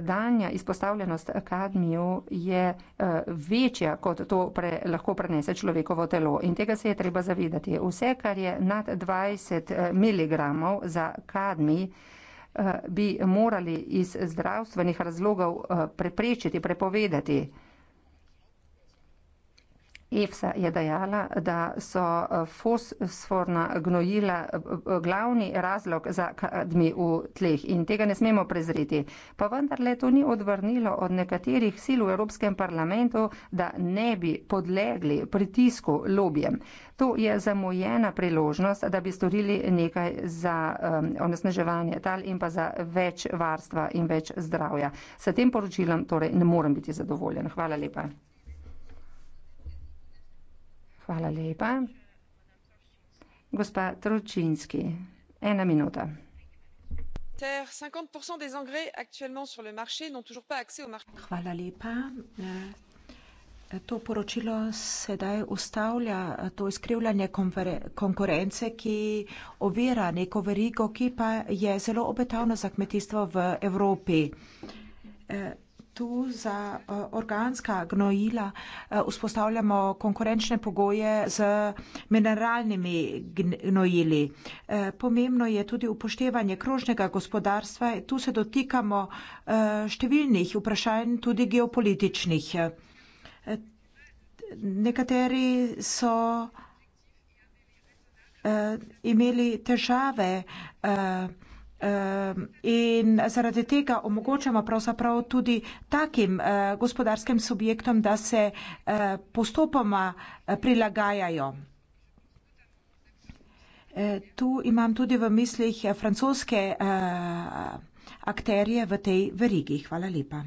Danja izpostavljenost kadmiju je eh, večja, kot to pre, lahko prenese človekovo telo. In tega se je treba zavedati. Vse, kar je nad 20 eh, mg za kadmij, Eh, bi morali iz zdravstvenih razlogov eh, preprečiti, prepovedati. EFSA je dejala, da so eh, fosforna gnojila eh, glavni razlog za kadmi v tleh in tega ne smemo prezreti. Pa vendarle to ni odvrnilo od nekaterih sil v Evropskem parlamentu, da ne bi podlegli pritisku lobijem. To je zamujena priložnost, da bi storili nekaj za um, onesnaževanje tal in pa za več varstva in več zdravja. S tem poročilom torej ne morem biti zadovoljen. Hvala lepa. Hvala lepa. Gospa Tročinski, ena minuta. Hvala lepa. To poročilo sedaj ustavlja to izkrivljanje konkurence, ki ovira neko verigo, ki pa je zelo obetavna za kmetijstvo v Evropi tu za eh, organska gnojila eh, vzpostavljamo konkurenčne pogoje z mineralnimi gnojili. Eh, pomembno je tudi upoštevanje krožnega gospodarstva. Tu se dotikamo številnih vprašanj, tudi geopolitičnih. Nekateri so imeli težave Ehm, in zaradi tega omogočamo pravzaprav tudi takim eh, gospodarskim subjektom, da se eh, postopoma eh, prilagajajo. Tu imam tudi v mislih francoske akterje v tej verigi. Hvala lepa.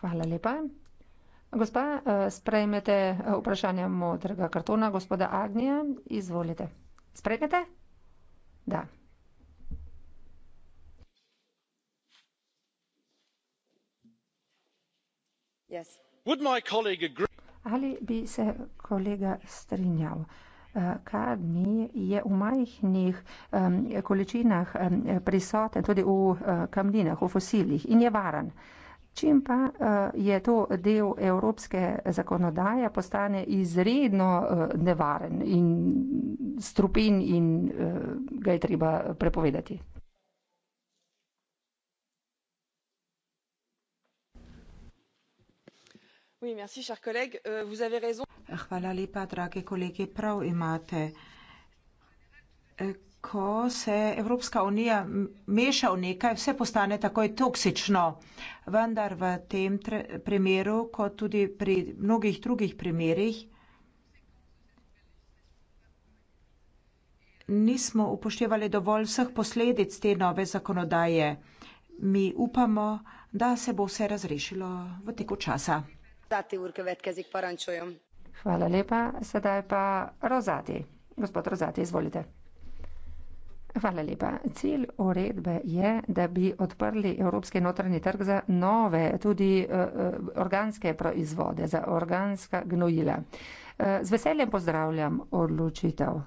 Hvala lepa. Gospa, eh, sprejmete eh, vprašanje modrega kartona gospoda Agnija. Izvolite. Sprejmete? Da. Yes. Would my colleague agree? Ali bi se kolega strinjal? Eh, kar ni, je v majhnih um, količinah um, prisoten tudi v uh, kamninah, v fosilih in je varen. Uh, Čim pa eh, je to del evropske zakonodaje, postane izredno eh, nevaren in strupin in eh, ga je treba prepovedati. Euh, Hvala lepa, drage kolege, prav imate ko se Evropska unija meša v nekaj, vse postane takoj toksično. Vendar v tem primeru, kot tudi pri mnogih drugih primerih, nismo upoštevali dovolj vseh posledic te nove zakonodaje. Mi upamo, da se bo vse razrešilo v teku časa. Hvala lepa. Sedaj pa Rozati. Gospod Rozati, izvolite. Hvala lepa. Cilj uredbe je, da bi odprli evropski notranji trg za nove, tudi uh, organske proizvode, za organska gnojila. Uh, z veseljem pozdravljam odločitev.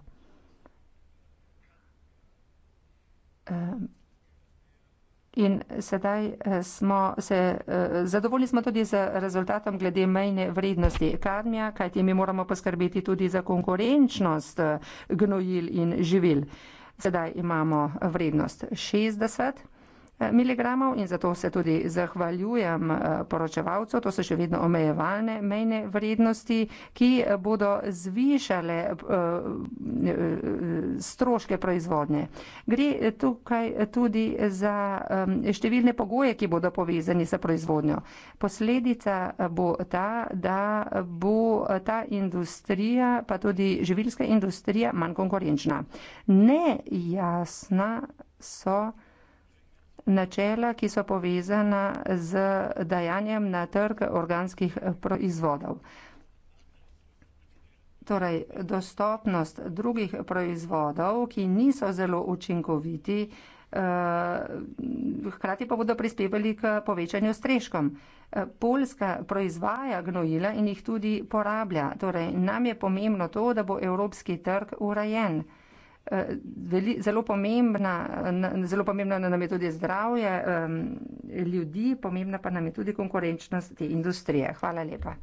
Um. In sedaj smo se, zadovoljni smo tudi z rezultatom glede mejne vrednosti kadmija, kajti mi moramo poskrbeti tudi za konkurenčnost gnojil in živil sedaj imamo vrednost 60, miligramov in zato se tudi zahvaljujem eh, poročevalcu. To so še vedno omejevalne mejne vrednosti, ki bodo zvišale eh, stroške proizvodnje. Gre tukaj tudi za eh, številne pogoje, ki bodo povezani s proizvodnjo. Posledica bo ta, da bo ta industrija, pa tudi živilska industrija, manj konkurenčna. Nejasna so načela, ki so povezana z dajanjem na trg organskih proizvodov. Torej, dostopnost drugih proizvodov, ki niso zelo učinkoviti, eh, hkrati pa bodo prispevali k povečanju streškom. Eh, Poljska proizvaja gnojila in jih tudi porablja. Torej, nam je pomembno to, da bo evropski trg urejen. Eh, veli, zelo pomembna, eh, zelo pomembna nam je tudi zdravje um, ljudi, pomembna pa nam je tudi konkurenčnost te industrije. Hvala lepa.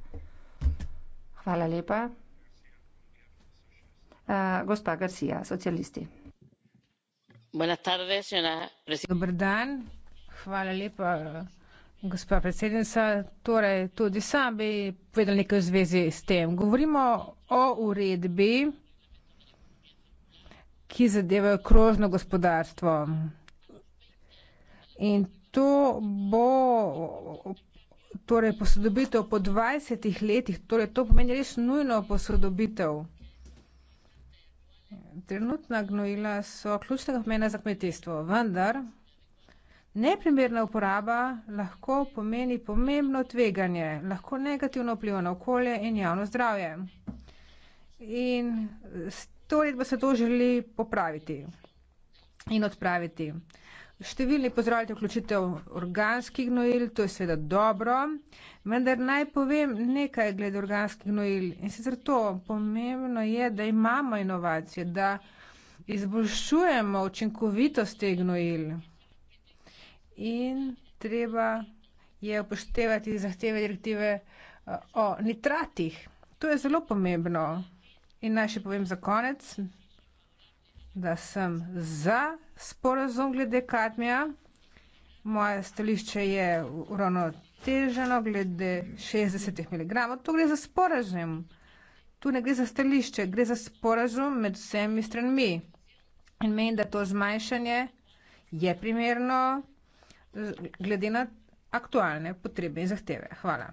Hvala lepa. Uh, gospa Garcia, socialisti. Dobar dan, hvala lepa, gospa predsednica. Torej, tudi sam bi povedal nekaj v zvezi s tem. Govorimo o uredbi ki zadevajo krožno gospodarstvo. In to bo torej posodobitev po 20 letih, torej to pomeni res nujno posodobitev. Trenutna gnojila so ključnega pomena za kmetijstvo, vendar neprimerna uporaba lahko pomeni pomembno tveganje, lahko negativno vpliva na okolje in javno zdravje. In s To letbo se to želi popraviti in odpraviti. Številni pozdravljate vključitev organskih gnojil, to je seveda dobro, vendar naj povem nekaj glede organskih gnojil. In sicer to pomembno je, da imamo inovacije, da izboljšujemo učinkovitost teh gnojil. In treba je upoštevati zahteve direktive eh, o nitratih. To je zelo pomembno. In naj še povem za konec, da sem za sporozum glede Katmija. Moje stališče je uravnoteženo glede 60 mg. Tu gre za sporozum. Tu ne gre za stališče, gre za sporozum med vsemi stranmi. In menim, da to zmanjšanje je primerno glede na aktualne potrebe in zahteve. Hvala.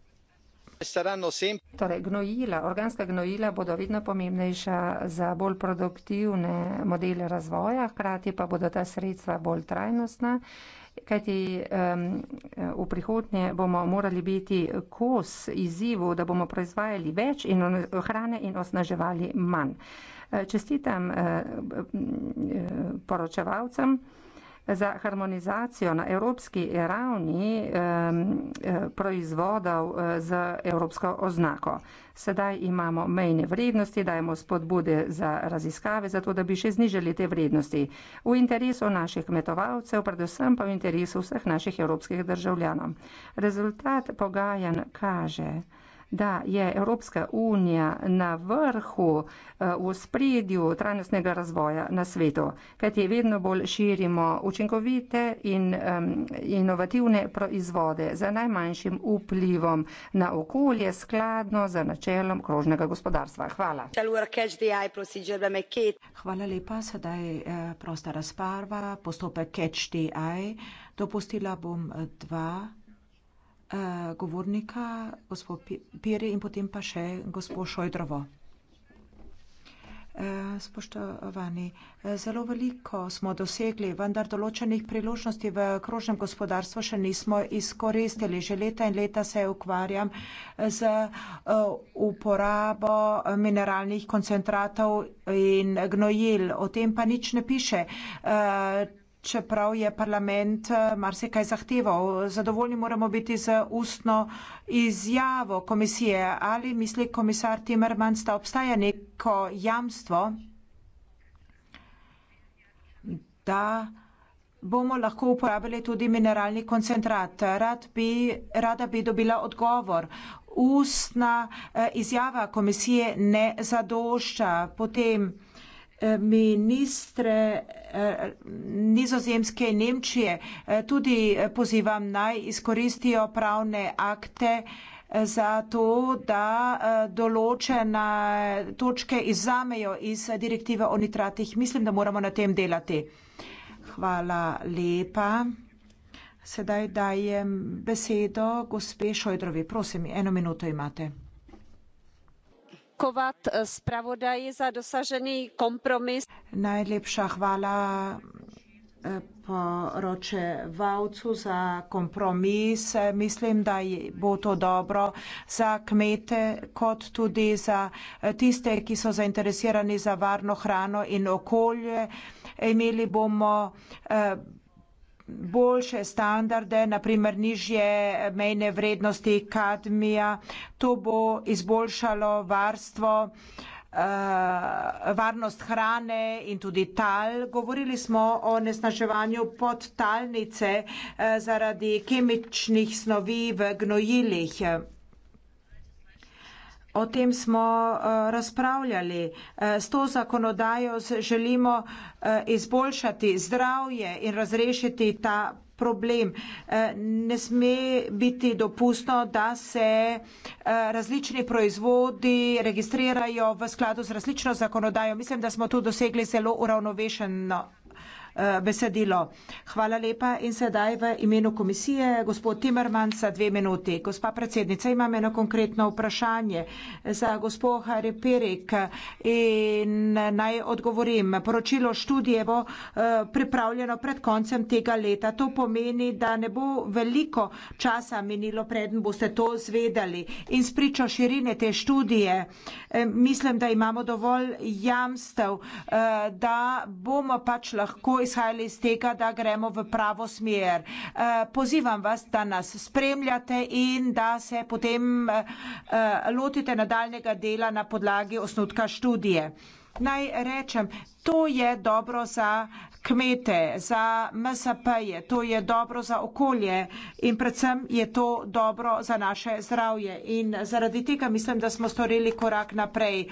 Torej, gnojila, organska gnojila bodo vedno pomembnejša za bolj produktivne modele razvoja, hkrati pa bodo ta sredstva bolj trajnostna, kajti um, v prihodnje bomo morali biti kos izzivu, da bomo proizvajali več in hrane in osnaževali manj. Čestitam eh, poročevalcem za harmonizacijo na evropski ravni eh, proizvodov eh, z evropsko oznako. Sedaj imamo mejne vrednosti, dajemo spodbude za raziskave, zato da bi še znižali te vrednosti. V interesu naših kmetovalcev, predvsem pa v interesu vseh naših evropskih državljanov. Rezultat pogajanj kaže, da je Evropska unija na vrhu eh, v spredju trajnostnega razvoja na svetu, kajti vedno bolj širimo učinkovite in um, inovativne proizvode za najmanjšim vplivom na okolje skladno za načelom krožnega gospodarstva. Hvala. Hvala lepa, sedaj eh, prosta razparva, postopek catch the eye. Dopustila bom eh, dva. Eh, govornika, gospod Piri in potem pa še gospod Šojdrovo. Eh, spoštovani, eh, zelo veliko smo dosegli, vendar določenih priložnosti v krožnem gospodarstvu še nismo izkoristili. Že leta in leta se ukvarjam z uporabo mineralnih koncentratov in gnojil. O tem pa nič ne piše čeprav je parlament eh, marsikaj zahteval. Zadovoljni moramo biti z ustno izjavo komisije. Ali misli komisar Timmermans, da obstaja neko jamstvo, da bomo lahko uporabili tudi mineralni koncentrat? Rad bi, rada bi dobila odgovor. Ustna eh, izjava komisije ne zadošča. Potem ministre eh, nizozemske in Nemčije. Eh, tudi eh, pozivam naj izkoristijo pravne akte za to, da določene točke izzamejo iz direktive o nitratih. Mislim, da moramo na tem delati. Hvala lepa. Sedaj dajem besedo gospe Šojdrovi. Prosim, eno minuto imate poděkovat eh, zpravodaji za dosažený kompromis. Najlepša hvala eh, poročevalcu za kompromis. Mislim, da bo to dobro za kmete, kot tudi za eh, tiste, ki so zainteresirani za varno hrano in okolje. Imeli bomo eh, boljše standarde, naprimer nižje mejne vrednosti kadmija. To bo izboljšalo varstvo, eh, varnost hrane in tudi tal. Govorili smo o nesnaževanju podtalnice eh, zaradi kemičnih snovi v gnojilih. O tem smo eh, razpravljali. Eh, s to zakonodajo želimo eh, izboljšati zdravje in razrešiti ta problem. Ne sme biti dopustno, da se različni proizvodi registrirajo v skladu z različno zakonodajo. Mislim, da smo tu dosegli zelo uravnovešeno Eh, besedilo. Hvala lepa in sedaj v imenu komisije gospod Timerman za dve minuti. Gospa predsednica, imam eno konkretno vprašanje za gospod Hariperik in naj odgovorim. Poročilo študije bo eh, pripravljeno pred koncem tega leta. To pomeni, da ne bo veliko časa minilo, preden boste to zvedali. In spričo širine te študije, eh, mislim, da imamo dovolj jamstev, da bomo pač lahko izhajali iz tega, da gremo v pravo smer. Eh, pozivam vas, da nas spremljate in da se potem eh, eh, lotite nadaljnega dela na podlagi osnutka študije. Naj rečem, to je dobro za kmete, za MSP-je, to je dobro za okolje in predvsem je to dobro za naše zdravje. In zaradi tega mislim, da smo storili korak naprej. Eh,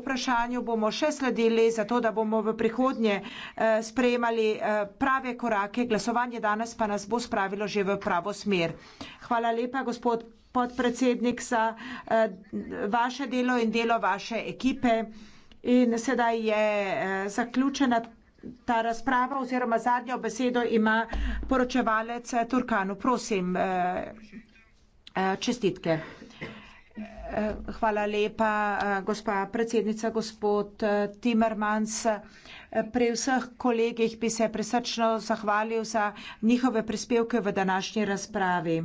vprašanju bomo še sledili, zato da bomo v prihodnje eh, sprejemali eh, prave korake. Glasovanje danes pa nas bo spravilo že v pravo smer. Hvala lepa, gospod podpredsednik, za vaše delo in delo vaše ekipe. In sedaj je zaključena ta razprava oziroma zadnjo besedo ima poročevalec Turkanu. Prosim, eh, eh, čestitke. Eh, hvala lepa, gospa predsednica, gospod Timmermans. Pri vseh kolegih bi se presrčno zahvalil za njihove prispevke v današnji razpravi.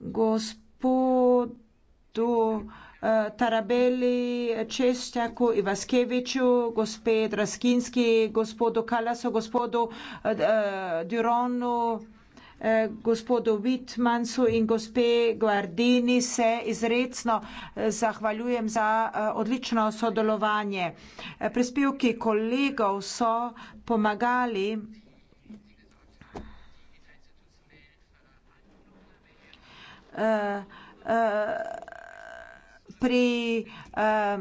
Gospodu Tarabeli, Češnjaku, Ivaskeviću, gospe Draskinski, gospodu Kalasu, gospodu eh, Duronu, eh, gospodu Vitmancu in gospe Guardini se izredno eh, zahvaljujem za odlično sodelovanje. Prispevki kolegov so pomagali Uh, uh, pri ehm,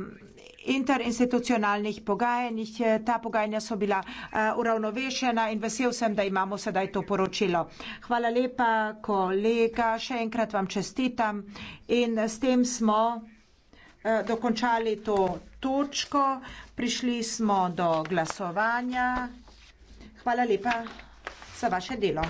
interinstitucionalnih pogajanjih. Eh, ta pogajanja so bila eh, uravnovešena in vesel sem, da imamo sedaj to poročilo. Hvala lepa, kolega, še enkrat vam čestitam in s tem smo eh, dokončali to točko. Prišli smo do glasovanja. Hvala lepa za vaše delo.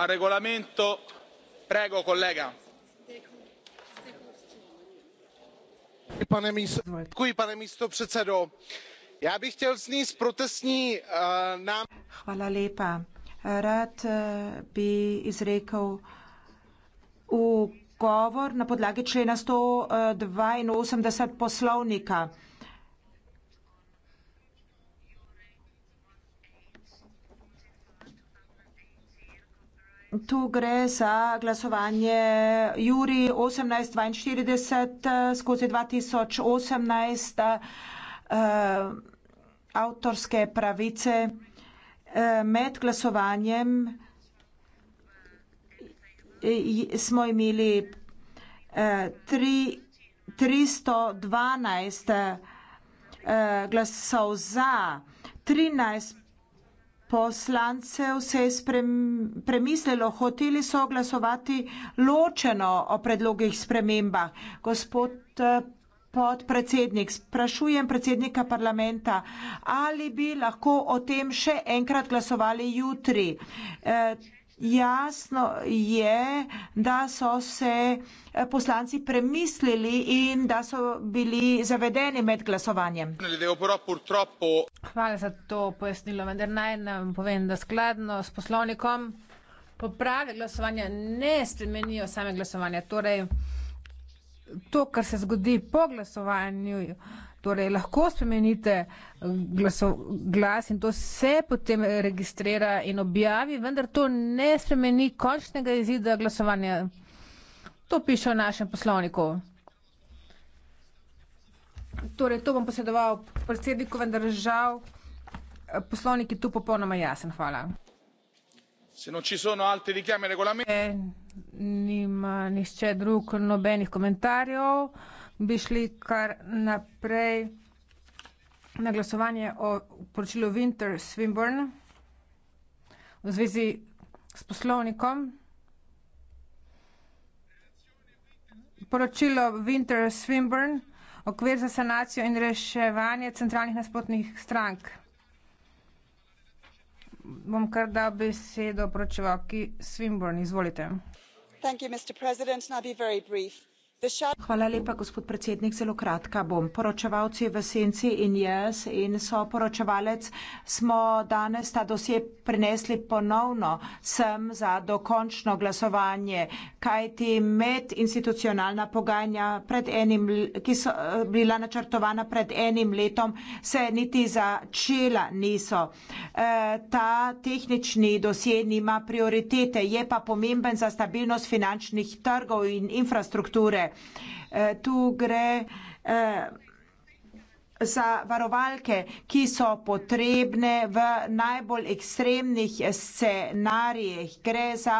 al regolamento prego collega já bych chtěl vznést protestní eh, rad eh, bi izrekel ugovor na podlagi člena sto eh, dvainosemdeset poslovnika. Tu gre za glasovanje Juri 1842 eh, skozi 2018 eh, avtorske pravice eh, med glasovanjem smo imeli 312 glasov za 13 poslancev se je premislilo, hoteli so glasovati ločeno o predlogih sprememba. Gospod eh, podpredsednik, sprašujem predsednika parlamenta, ali bi lahko o tem še enkrat glasovali jutri. E, jasno je, da so se eh, poslanci premislili in da so bili zavedeni med glasovanjem. Hvala za to pojasnilo, vendar naj nam povem, da skladno s poslovnikom poprave glasovanja ne spremenijo same glasovanja. Torej, to, kar se zgodi po glasovanju, torej lahko spremenite eh, glasov, glas in to se potem registrira in objavi, vendar to ne spremeni končnega izida glasovanja. To piše v našem poslovniku. Torej, to bom posedoval predsedniku, vendar žal eh, poslovnik je tu popolnoma jasen. Hvala. Se non ci sono altri richiami regolamenti. Eh, nima nišče drug nobenih komentarjev bi šli kar naprej na glasovanje o poročilu Winter Swinburne v zvezi s poslovnikom. Poročilo Winter Swinburne, okvir za sanacijo in reševanje centralnih nasprotnih strank. Bom kar dal besedo poročevalki Swinburne, izvolite. Thank you, Mr. President, and I'll be very brief. Hvala lepa, gospod predsednik. Zelo kratka bom. Poročevalci v senci in jaz in soporočevalec smo danes ta dosje prinesli ponovno sem za dokončno glasovanje, kajti med institucionalna pogajanja, pred enim, ki so bila načrtovana pred enim letom, se niti začela niso. E, ta tehnični dosje nima prioritete, je pa pomemben za stabilnost finančnih trgov in infrastrukture. Eh, tu gre eh, za varovalke, ki so potrebne v najbolj ekstremnih scenarijih. Gre za